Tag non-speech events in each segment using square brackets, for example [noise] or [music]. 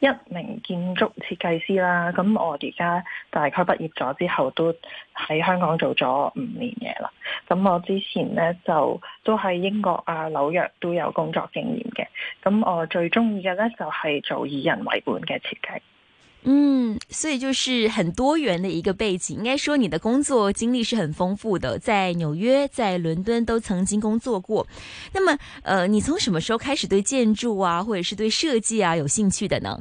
一名建築設計師啦，咁我而家大概畢業咗之後，都喺香港做咗五年嘢啦。咁我之前咧就都喺英國啊紐約都有工作經驗嘅。咁我最中意嘅咧就係做以人為本嘅設計。嗯，所以就是很多元的一個背景，應該說你的工作經歷是很豐富的，在紐約、在倫敦都曾經工作過。那麼，呃，你從什麼時候開始對建築啊，或者是對設計啊有興趣的呢？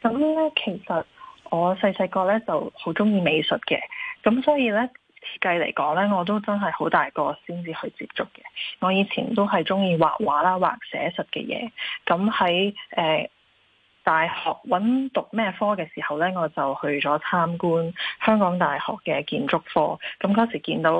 咁、嗯、咧，其實我細細個咧就好中意美術嘅，咁、嗯、所以咧設計嚟講咧，我都真係好大個先至去接觸嘅。我以前都係中意畫畫啦，畫寫實嘅嘢。咁喺誒。大學揾讀咩科嘅時候呢，我就去咗參觀香港大學嘅建築科。咁嗰時見到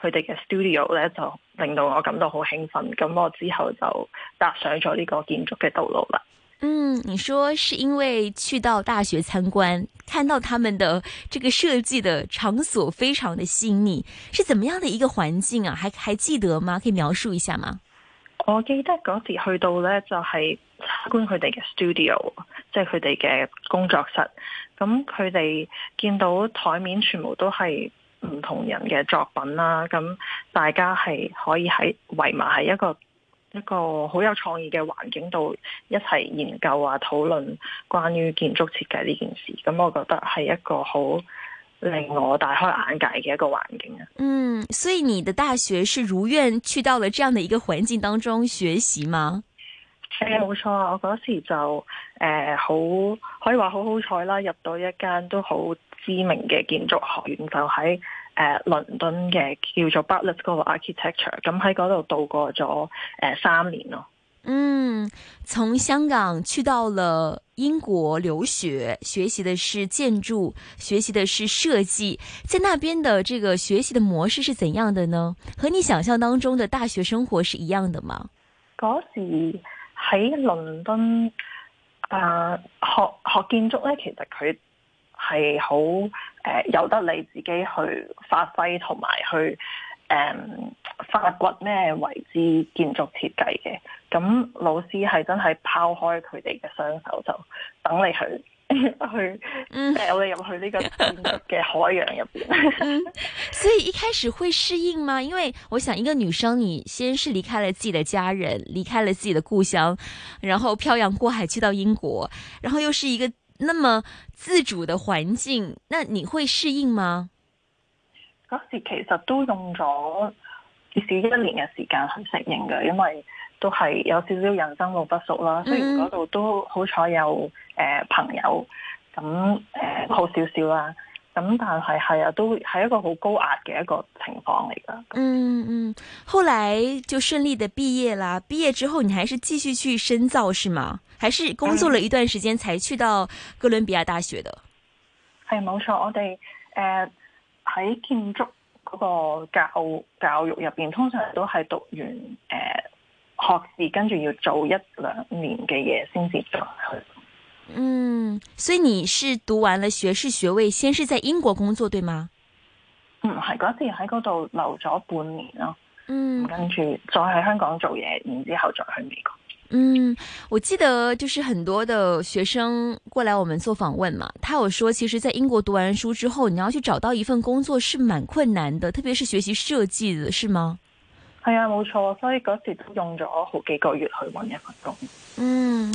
佢哋嘅 studio 呢，就令到我感到好興奮。咁我之後就踏上咗呢個建築嘅道路啦。嗯，你說是因為去到大學參觀，看到他們的這個設計的場所非常的吸引你，是怎麼樣的一個環境啊？還還記得嗎？可以描述一下嗎？我記得嗰時去到呢，就係、是。參觀佢哋嘅 studio，即係佢哋嘅工作室。咁佢哋見到台面全部都係唔同人嘅作品啦。咁大家係可以喺圍埋喺一個一個好有創意嘅環境度一齊研究啊，討論關於建築設計呢件事。咁我覺得係一個好令我大開眼界嘅一個環境啊。嗯，所以你的大學是如願去到了這樣的一個環境當中學習嗎？係冇錯啊！我嗰時就誒好、呃、可以話好好彩啦，入到一間都好知名嘅建築學院，就喺誒倫敦嘅叫做 Bartlett 嗰個 Architecture，咁喺嗰度度過咗誒、呃、三年咯。嗯，從香港去到了英國留學，學習的是建築，學習的是設計，在那邊的這個學習的模式是怎樣的呢？和你想象當中的大學生活是一樣的嗎？嗰時。喺倫敦，啊，學學建築咧，其實佢係好誒，由、呃、得你自己去發揮同埋去誒、嗯、發掘咩為之建築設計嘅。咁老師係真係拋開佢哋嘅雙手，就等你去。 [laughs] 去我哋入去呢個嘅海洋入邊、 [laughs] [laughs] 嗯，所以一開始會適應嗎？因為我想一個女生，你先是離開了自己的家人，離開了自己的故鄉，然後漂洋過海去到英國，然後又是一個那麼自主的環境，那你會適應嗎？嗰時其實都用咗至少一年嘅時間去適應嘅，因為。都係有少少人生路不熟啦，嗯、雖然嗰度都好彩有誒、呃、朋友，咁、嗯、誒、呃、好少少啦。咁、嗯、但係係啊，都係一個好高壓嘅一個情況嚟㗎。嗯嗯，後來就順利地畢業啦。畢業之後，你還是繼續去深造是嗎？還是工作了一段時間才去到哥倫比亞大學的？係、嗯、冇錯，我哋誒喺建築嗰個教教育入邊，通常都係讀完誒。呃學士跟住，要做一兩年嘅嘢先至再去。嗯，所以你是讀完了學士學位，先是在英國工作對嗎？嗯，係嗰時喺嗰度留咗半年咯。嗯，跟住再喺香港做嘢，然之後再去美國。嗯，我記得就是很多的學生過來我們做訪問嘛，他有說，其實在英國讀完書之後，你要去找到一份工作是蠻困難的，特別是學習設計的，是嗎？係啊，冇錯，所以嗰時都用咗好幾個月去揾一份工。嗯。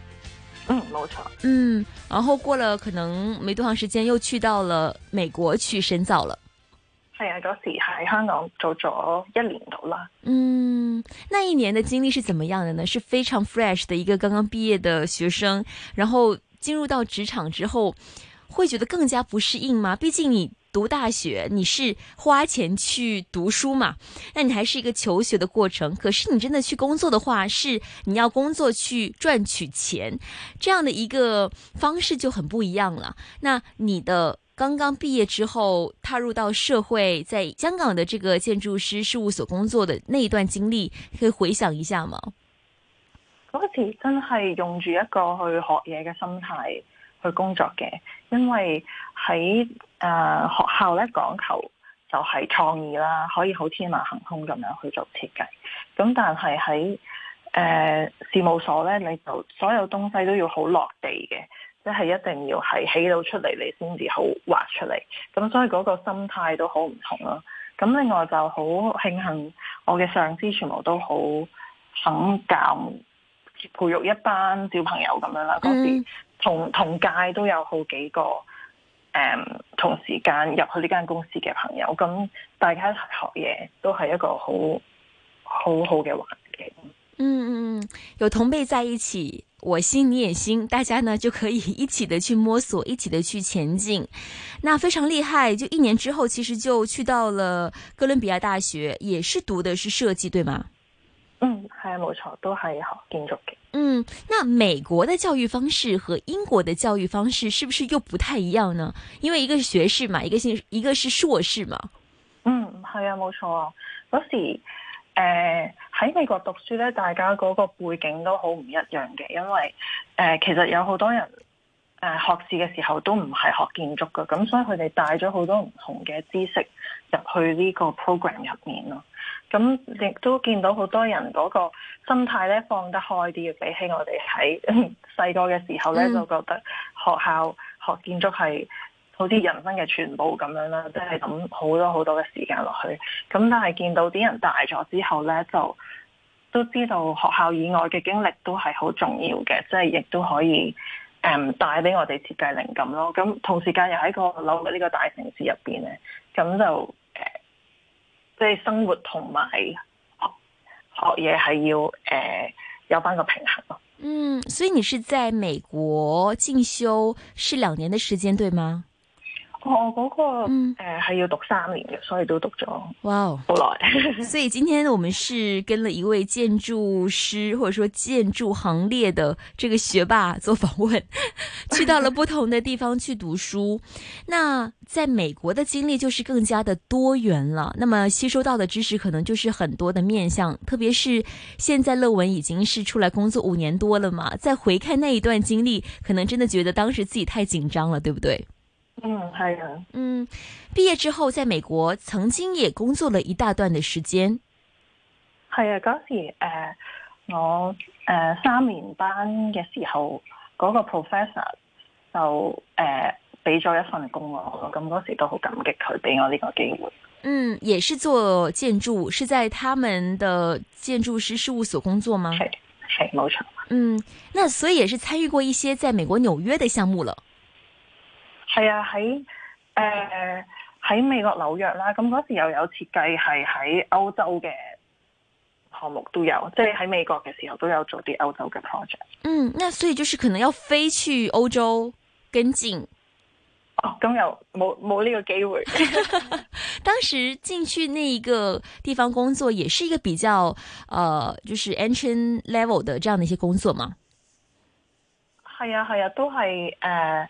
嗯，冇錯。嗯，然後過了可能沒多長時間，又去到了美國去深造了。係啊，嗰時喺香港做咗一年到啦。嗯，那一年的經歷是怎麼樣的呢？是非常 fresh 的一個剛剛畢業的學生，然後進入到職場之後，會覺得更加不適應嗎？畢竟你。讀大學，你是花錢去讀書嘛？那你還是一個求學的過程。可是你真的去工作的話，是你要工作去賺取錢，這樣的一個方式就很不一樣了。那你的剛剛畢業之後，踏入到社會，在香港的這個建築師事務所工作的那一段經歷，可以回想一下嗎？嗰時真係用住一個去學嘢嘅心態去工作嘅，因為喺。誒、uh, 學校咧講求就係創意啦，可以好天馬行空咁樣去做設計。咁但係喺誒事務所咧，你就所有東西都要好落地嘅，即、就、係、是、一定要係起到出嚟，你先至好畫出嚟。咁所以嗰個心態都好唔同咯。咁另外就好慶幸我嘅上司全部都好肯教，培育一班小朋友咁樣啦。嗰時同同屆都有好幾個。同時間入去呢間公司嘅朋友，咁大家一齊學嘢都係一個好好好嘅環境。嗯嗯嗯，有同輩在一起，我心你也心，大家呢就可以一起的去摸索，一起的去前進。那非常厲害，就一年之後，其實就去到了哥倫比亞大學，也是讀的是設計，對嗎？嗯，係啊，冇錯，都係學建築嘅。嗯，那美國嘅教育方式和英國嘅教育方式是不是又不太一樣呢？因為一個是學士嘛，一個係一個是碩士嘛。嗯，係啊，冇錯。嗰時，誒、呃、喺美國讀書咧，大家嗰個背景都好唔一樣嘅，因為誒、呃、其實有好多人誒、呃、學士嘅時候都唔係學建築噶，咁所以佢哋帶咗好多唔同嘅知識入去呢個 program 入面咯。咁亦都見到好多人嗰個心態咧放得開啲，比起我哋喺細個嘅時候咧、嗯，就覺得學校學建築係好似人生嘅全部咁樣啦，即係咁好多好多嘅時間落去。咁但係見到啲人大咗之後咧，就都知道學校以外嘅經歷都係好重要嘅，即係亦都可以誒、呃、帶俾我哋設計靈感咯。咁同時間又喺個樓嘅呢個大城市入邊咧，咁就。即係生活同埋學學嘢係要誒、呃、有翻個平衡咯。嗯，所以你是在美國進修是兩年的時間，對嗎？哦，嗰、那個、嗯、呃係要讀三年嘅，所以都讀咗。哇，好耐！所以今天我們是跟了一位建築師，或者說建築行列的這個學霸做訪問，去到了不同的地方去讀書。 [laughs] 那在美國的經歷就是更加的多元了。那麼吸收到的知識可能就是很多的面向，特別是現在樂文已經是出來工作五年多了嘛。再回看那一段經歷，可能真的覺得當時自己太緊張了，對不對？嗯係啊，嗯，畢業之後在美國曾經也工作了一大段的時間。係啊，嗰時誒、呃、我誒、呃、三年班嘅時候，嗰、那個 professor 就誒俾咗一份工我，咁嗰時都好感激佢俾我呢個機會。嗯，也是做建築，是在他們的建築師事務所工作嗎？係係，冇錯。嗯，那所以也是參與過一些在美國紐約的項目了。係啊，喺誒喺美國紐約啦，咁嗰時又有設計係喺歐洲嘅項目都有，即係喺美國嘅時候都有做啲歐洲嘅 project。嗯，那所以就是可能要飛去歐洲跟進。哦，咁又冇冇呢個機會？ [laughs] [laughs] 當時進去那一個地方工作，也是一個比較誒、呃，就是 entry level 的這樣的一些工作嘛。係啊係啊，都係誒。呃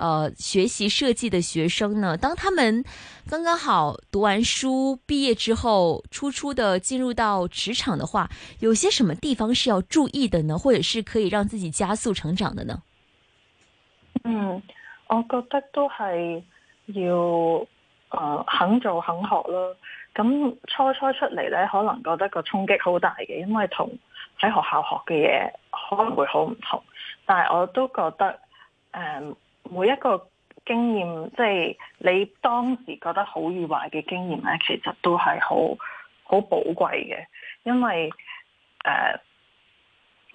呃學習設計的學生呢？當他們剛剛好讀完書畢業之後，初初的進入到職場的話，有些什麼地方是要注意的呢？或者是可以讓自己加速成長的呢？嗯，我覺得都係要誒、呃、肯做肯學咯。咁初初出嚟咧，可能覺得個衝擊好大嘅，因為同喺學校學嘅嘢可能會好唔同。但係我都覺得誒。呃每一個經驗，即係你當時覺得好與壞嘅經驗咧，其實都係好好寶貴嘅，因為誒，uh,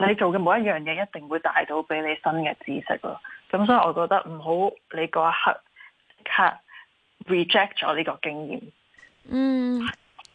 你做嘅每一樣嘢，一定會帶到俾你新嘅知識咯。咁所以我覺得唔好你嗰一刻卡 reject 咗呢個經驗。嗯。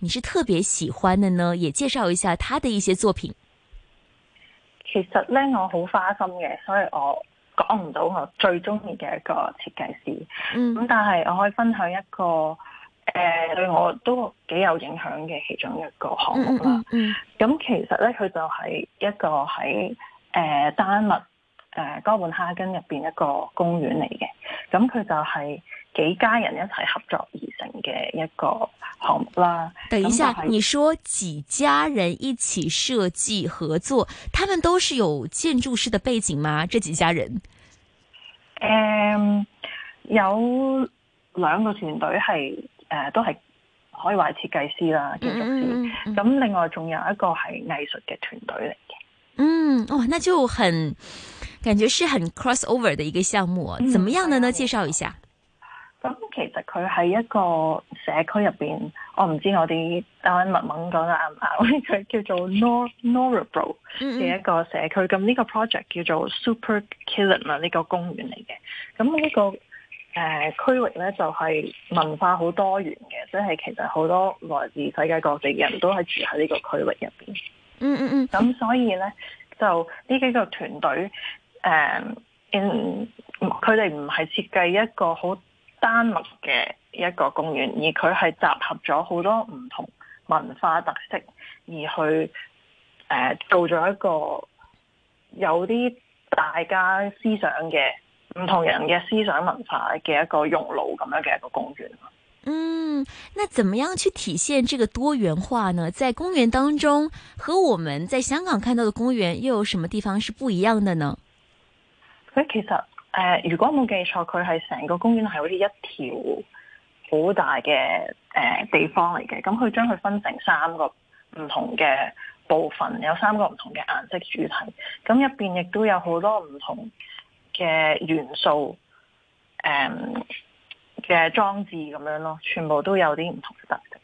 你是特別喜歡的呢？也介紹一下他的一些作品。其實咧，我好花心嘅，所以我講唔到我最中意嘅一個設計師。咁、嗯、但係我可以分享一個誒、呃、對我都幾有影響嘅其中一個項目啦。咁、嗯嗯嗯嗯、其實咧佢就係一個喺誒、呃、丹麥誒、呃、哥本哈根入邊一個公園嚟嘅。咁佢就係幾家人一齊合作而成嘅一個項目啦。等一下，你說幾家人一起設計合作，他們都是有建築師的背景嗎？這幾家人？誒、嗯，有兩個團隊係誒、呃，都係可以話係設計師啦、建築師。咁、嗯嗯嗯、另外仲有一個係藝術嘅團隊嚟嘅。嗯，哦，那就很。感覺是很 cross over 的一個項目，怎麼樣的呢、嗯？介紹一下。咁、嗯嗯、其實佢喺一個社區入邊，我唔知我哋阿文文講得啱唔啱？佢叫做 Nor Norbro 嘅一個社區。咁、嗯、呢、嗯這個 project 叫做 Superkilen 啊，呢個公園嚟嘅。咁呢、這個誒、呃、區域呢，就係、是、文化好多元嘅，即、就、係、是、其實好多來自世界各地人都係住喺呢個區域入邊。嗯嗯嗯。咁、嗯、所以呢，就呢幾個團隊。誒，佢哋唔係設計一個好單獨嘅一個公園，而佢係集合咗好多唔同文化特色，而去、uh, 做咗一個有啲大家思想嘅唔同人嘅思想文化嘅一個熔爐咁樣嘅一個公園。 [music] 嗯，那怎麼樣去體現這個多元化呢？在公園當中，和我們在香港看到的公園又有什麼地方是不一樣的呢？佢其實誒、呃，如果我冇記錯，佢係成個公園係好似一條好大嘅誒、呃、地方嚟嘅。咁佢將佢分成三個唔同嘅部分，有三個唔同嘅顏色主題。咁入邊亦都有好多唔同嘅元素，誒、呃、嘅裝置咁樣咯，全部都有啲唔同嘅特色。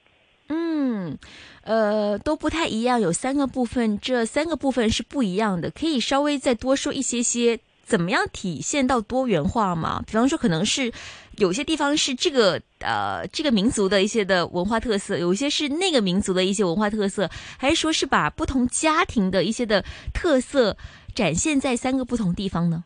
嗯，誒、呃，都不太一樣。有三個部分，這三個部分是不一樣的，可以稍微再多說一些些。怎麼樣體現到多元化嘛？比方說，可能是有些地方是這個，呃，這個民族的一些的文化特色，有些是那個民族的一些文化特色，還是說是把不同家庭的一些的特色展現在三個不同地方呢？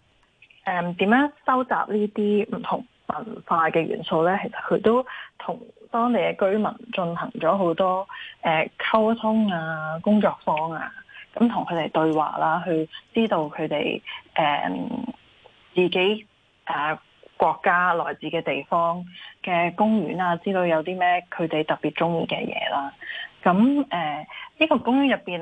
嗯，點樣收集呢啲唔同文化嘅元素咧？其實佢都同當地嘅居民進行咗好多誒、呃、溝通啊，工作坊啊。咁同佢哋對話啦，去知道佢哋誒自己誒、呃、國家來自嘅地方嘅公園啊，知道有啲咩佢哋特別中意嘅嘢啦。咁誒呢個公園入邊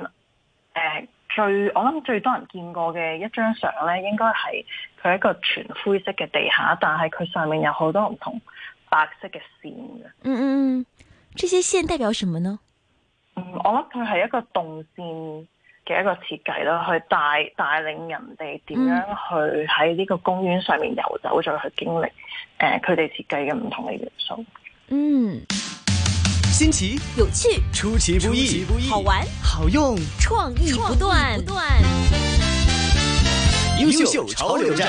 誒最我諗最多人見過嘅一張相咧，應該係佢喺一個全灰色嘅地下，但係佢上面有好多唔同白色嘅線嘅。嗯嗯嗯，呢些線代表什麼呢？嗯、我諗佢係一個動線。一個設計啦，去帶帶領人哋點樣去喺呢個公園上面遊走，再去經歷誒，佢哋設計嘅唔同嘅元素。嗯，新奇、有趣、出其不意、好玩、好用、創意不斷、優秀、潮流站。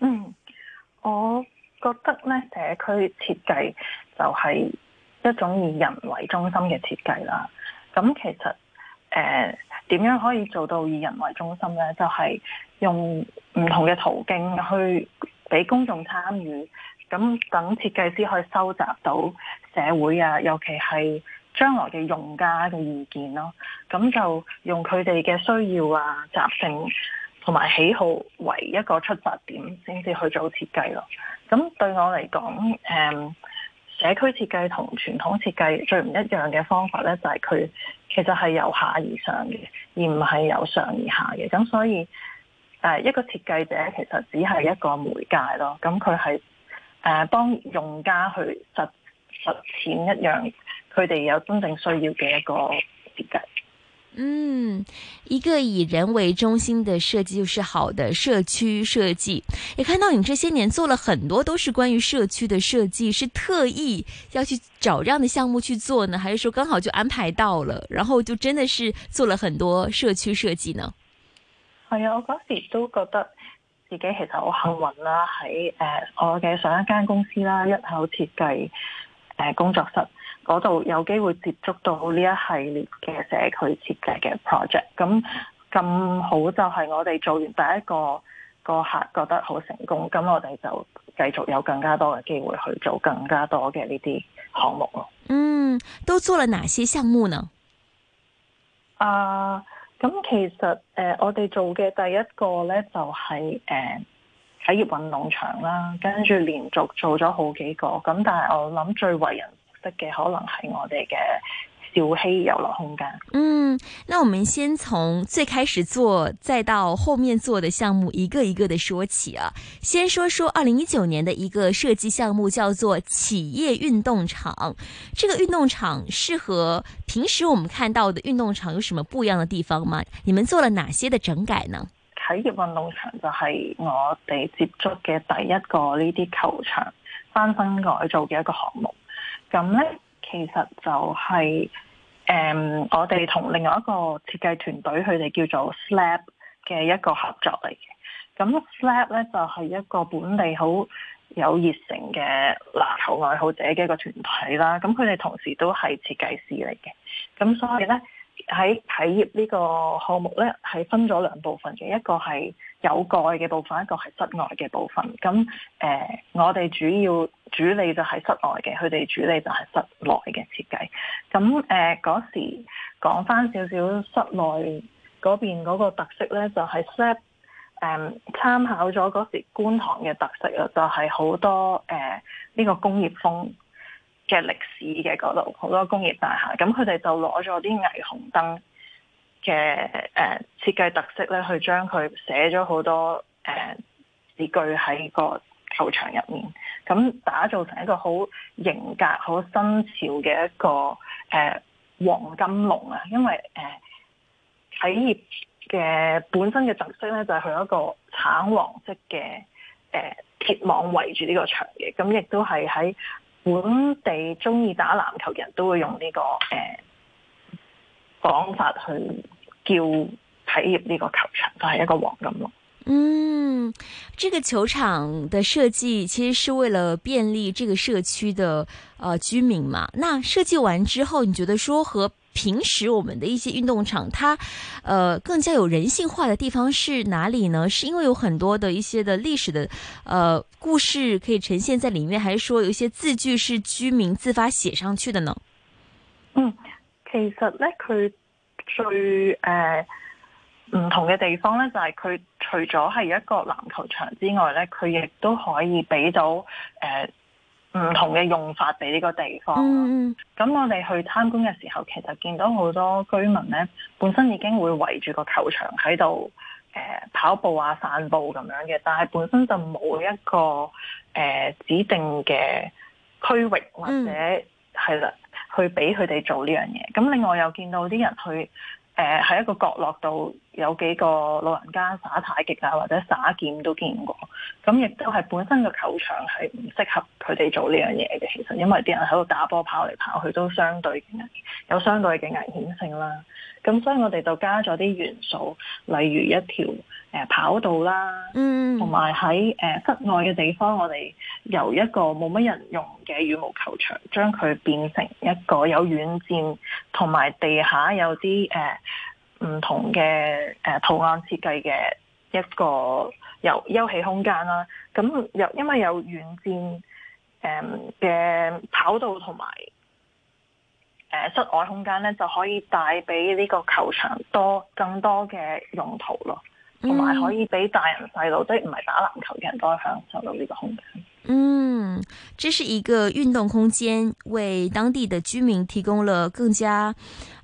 嗯，我覺得咧社區設計就係一種以人為中心嘅設計啦。咁其實誒，點樣可以做到以人為中心咧？就係用唔同嘅途徑去俾公眾參與，咁等設計師可以收集到社會啊，尤其係將來嘅用家嘅意見咯。咁就用佢哋嘅需要啊，集成。同埋喜好為一個出發點，先至去做設計咯。咁對我嚟講，誒、嗯、社區設計同傳統設計最唔一樣嘅方法咧，就係、是、佢其實係由下而上嘅，而唔係由上而下嘅。咁所以、呃、一個設計者其實只係一個媒介咯。咁佢係誒幫用家去實實踐一樣佢哋有真正需要嘅一個設計。嗯，一個以人為中心的設計就是好的社區設計。也看到你這些年做了很多都是關於社區的設計，是特意要去找這樣的項目去做呢，還是說剛好就安排到了，然後就真的是做了很多社區設計呢？係啊，我嗰時都覺得自己其實好幸運啦，喺誒我嘅上一間公司啦，一口設計誒工作室。嗰度有機會接觸到呢一系列嘅社區設計嘅 project，咁咁好就係我哋做完第一個個客覺得好成功，咁我哋就繼續有更加多嘅機會去做更加多嘅呢啲項目咯。嗯，都做了哪些項目呢？啊，咁其實誒，我哋做嘅第一個呢就係誒企業運動場啦，跟住連續做咗好幾個，咁但係我諗最為人嘅可能係我哋嘅小希遊樂空間。嗯，那我們先從最開始做，再到後面做的項目，一個一個的說起啊。先說說二零一九年的一個設計項目，叫做企業運動場。這個運動場是和平時我們看到的運動場有什麼不一樣的地方嗎？你們做了哪些的整改呢？企業運動場就係我哋接觸嘅第一個呢啲球場翻新改造嘅一個項目。咁咧，其實就係誒，我哋同另外一個設計團隊，佢哋叫做 Slap 嘅一個合作嚟嘅。咁 Slap 咧就係一個本地好有熱誠嘅籃球愛好者嘅一個團體啦。咁佢哋同時都係設計師嚟嘅。咁所以咧。喺體業呢個項目咧，係分咗兩部分嘅，一個係有蓋嘅部分，一個係室外嘅部分。咁誒、呃，我哋主要主理就係室外嘅，佢哋主理就係室內嘅設計。咁誒嗰時講返少少室內嗰邊嗰個特色咧，就係 set 誒參考咗嗰時觀塘嘅特色啊，就係、是、好多誒呢、呃這個工業風。嘅歷史嘅嗰度好多工業大廈，咁佢哋就攞咗啲霓虹燈嘅、呃、設計特色咧，去將佢寫咗好多誒、呃、字句喺個球場入面，咁打造成一個好型格、好新潮嘅一個誒、呃、黃金龍啊！因為誒、呃、企業嘅本身嘅特色咧，就係、是、佢一個橙黃色嘅誒、呃、鐵網圍住呢個場嘅，咁亦都係喺。本地中意打籃球人都會用呢、這個誒講、呃、法去叫體驗呢個球場，就係、是、一個黃金咯。嗯，這個球場的設計其實是為了便利這個社區的誒、呃、居民嘛。那設計完之後，你覺得說和？平時我們的一些運動場，它，呃，更加有人性化的地方是哪裏呢？是因為有很多的一些的歷史的，呃，故事可以呈現在裏面，還是說有一些字句是居民自發寫上去的呢？嗯，其實咧，佢最誒唔同嘅地方咧，就係佢除咗係一個籃球場之外咧，佢亦都可以俾到誒。呃唔同嘅用法俾呢個地方，咁我哋去參觀嘅時候，其實見到好多居民呢，本身已經會圍住個球場喺度、呃、跑步啊、散步咁樣嘅，但係本身就冇一個、呃、指定嘅區域或者係啦、嗯，去俾佢哋做呢樣嘢。咁另外又見到啲人去、呃、喺一個角落度。有幾個老人家耍太極啊，或者耍劍都見過，咁亦都係本身個球場係唔適合佢哋做呢樣嘢嘅。其實，因為啲人喺度打波跑嚟跑去，都相對有相對嘅危險性啦。咁所以我哋就加咗啲元素，例如一條、呃、跑道啦，嗯，同埋喺室外嘅地方，我哋由一個冇乜人用嘅羽毛球場，將佢變成一個有軟墊同埋地下有啲唔同嘅誒圖案設計嘅一個有休息空間啦，咁又因為有遠戰誒嘅跑道同埋誒室外空間咧，就可以帶俾呢個球場多更多嘅用途咯，同埋可以俾大人細路都唔係打籃球嘅人都享受到呢個空間。嗯，這是一個運動空間，為當地的居民提供了更加。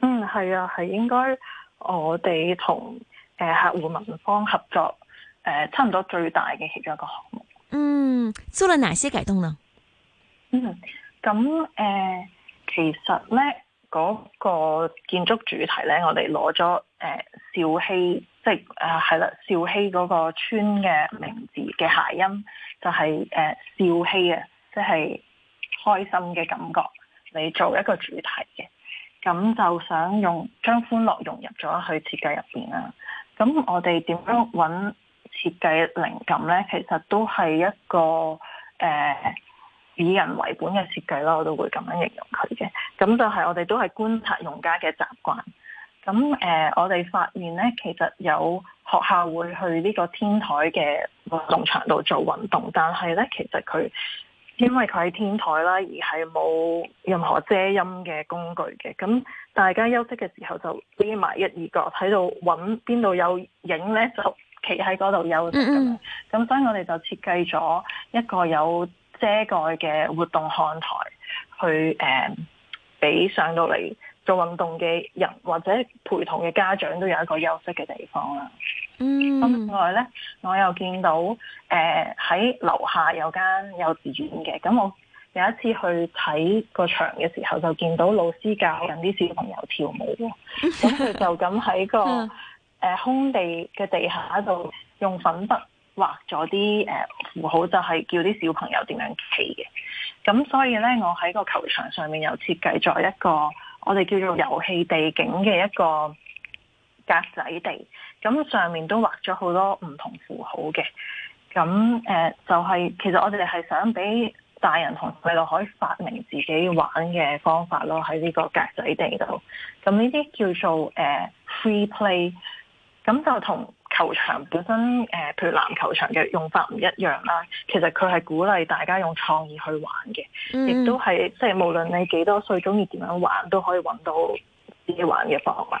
嗯，係啊，係應該我哋同誒客戶文方合作誒、呃，差唔多最大嘅其中一個項目。嗯，做了哪些改動呢？嗯，咁誒、呃，其實呢嗰、那個建築主題呢，我哋攞咗誒少熙，即係啊係啦，少熙嗰個村嘅名字嘅諧音，就係誒少熙啊，即係開心嘅感覺嚟做一個主題嘅。咁就想用將歡樂融入咗去設計入面啦。咁我哋點樣揾設計靈感呢？其實都係一個誒、呃、以人為本嘅設計啦，我都會咁樣形容佢嘅。咁就係我哋都係觀察用家嘅習慣。咁、呃、我哋發現呢，其實有學校會去呢個天台嘅運動場度做運動，但係呢，其實佢。因為佢喺天台啦，而係冇任何遮陰嘅工具嘅，咁大家休息嘅時候就匿埋一二角喺度揾邊度有影咧，就企喺嗰度休息。咁咳咳所以我哋就設計咗一個有遮蓋嘅活動看台，去誒俾、呃、上到嚟做運動嘅人或者陪同嘅家長都有一個休息嘅地方啦。嗯，咁另外咧，我又見到誒喺樓下有間幼稚園嘅，咁我有一次去睇個場嘅時候，就見到老師教緊啲小朋友跳舞，咁佢就咁喺個誒、呃、空地嘅地下度，用粉筆畫咗啲誒符號，就係、是、叫啲小朋友點樣企嘅。咁所以咧，我喺個球場上面又設計咗一個我哋叫做遊戲地景嘅一個格仔地。咁上面都畫咗好多唔同符號嘅，咁誒、呃、就係、是、其實我哋係想俾大人同細路可以發明自己玩嘅方法咯，喺呢個格仔地度。咁呢啲叫做誒、呃、free play，咁就同球場本身誒，譬、呃、如籃球場嘅用法唔一樣啦。其實佢係鼓勵大家用創意去玩嘅，亦、嗯、都係即係無論你幾多歲，鍾意點樣玩都可以揾到自己玩嘅方法。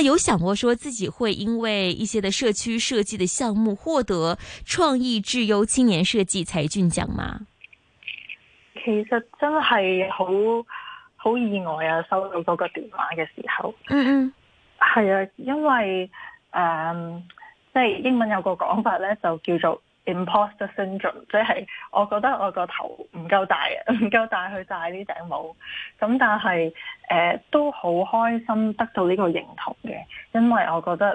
有想過說自己會因為一些的社區設計的項目獲得創意智優青年設計才俊獎嗎？其實真係好好意外啊！收到嗰個電話嘅時候，嗯嗯，係啊，因為誒、嗯，即係英文有個講法咧，就叫做。Imposter syndrome，即係我覺得我個頭唔夠大，唔夠大去戴呢頂帽。咁但係，誒、呃、都好開心得到呢個認同嘅，因為我覺得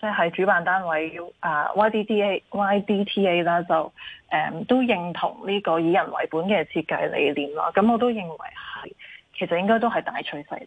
即係、就是、主辦單位啊、呃、YDDA YDTA 啦，就誒、呃、都認同呢個以人為本嘅設計理念咯。咁我都認為係，其實應該都係大趨勢。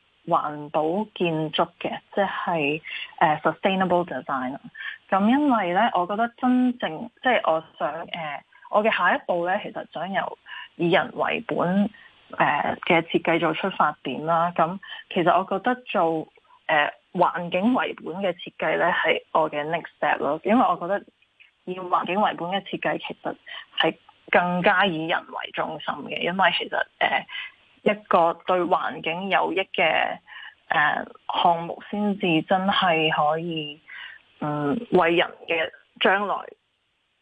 環保建築嘅，即係、呃、sustainable design。咁因為咧，我覺得真正即係我想、呃、我嘅下一步咧，其實想由以人為本誒嘅、呃、設計做出發點啦。咁其實我覺得做、呃、環境為本嘅設計咧，係我嘅 next step 咯。因為我覺得以環境為本嘅設計其實係更加以人為中心嘅，因為其實、呃一個對環境有益嘅誒項目，先至真係可以嗯，為人嘅將來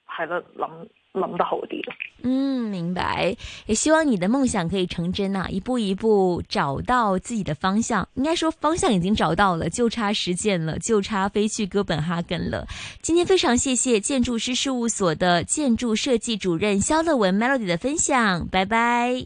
係咯諗諗得好啲咯。嗯，明白，也希望你的夢想可以成真啊！一步一步找到自己的方向，應該說方向已經找到了，就差實踐了，就差飛去哥本哈根了。今天非常謝謝建築師事務所的建築設計主任肖樂文 Melody 的分享，拜拜。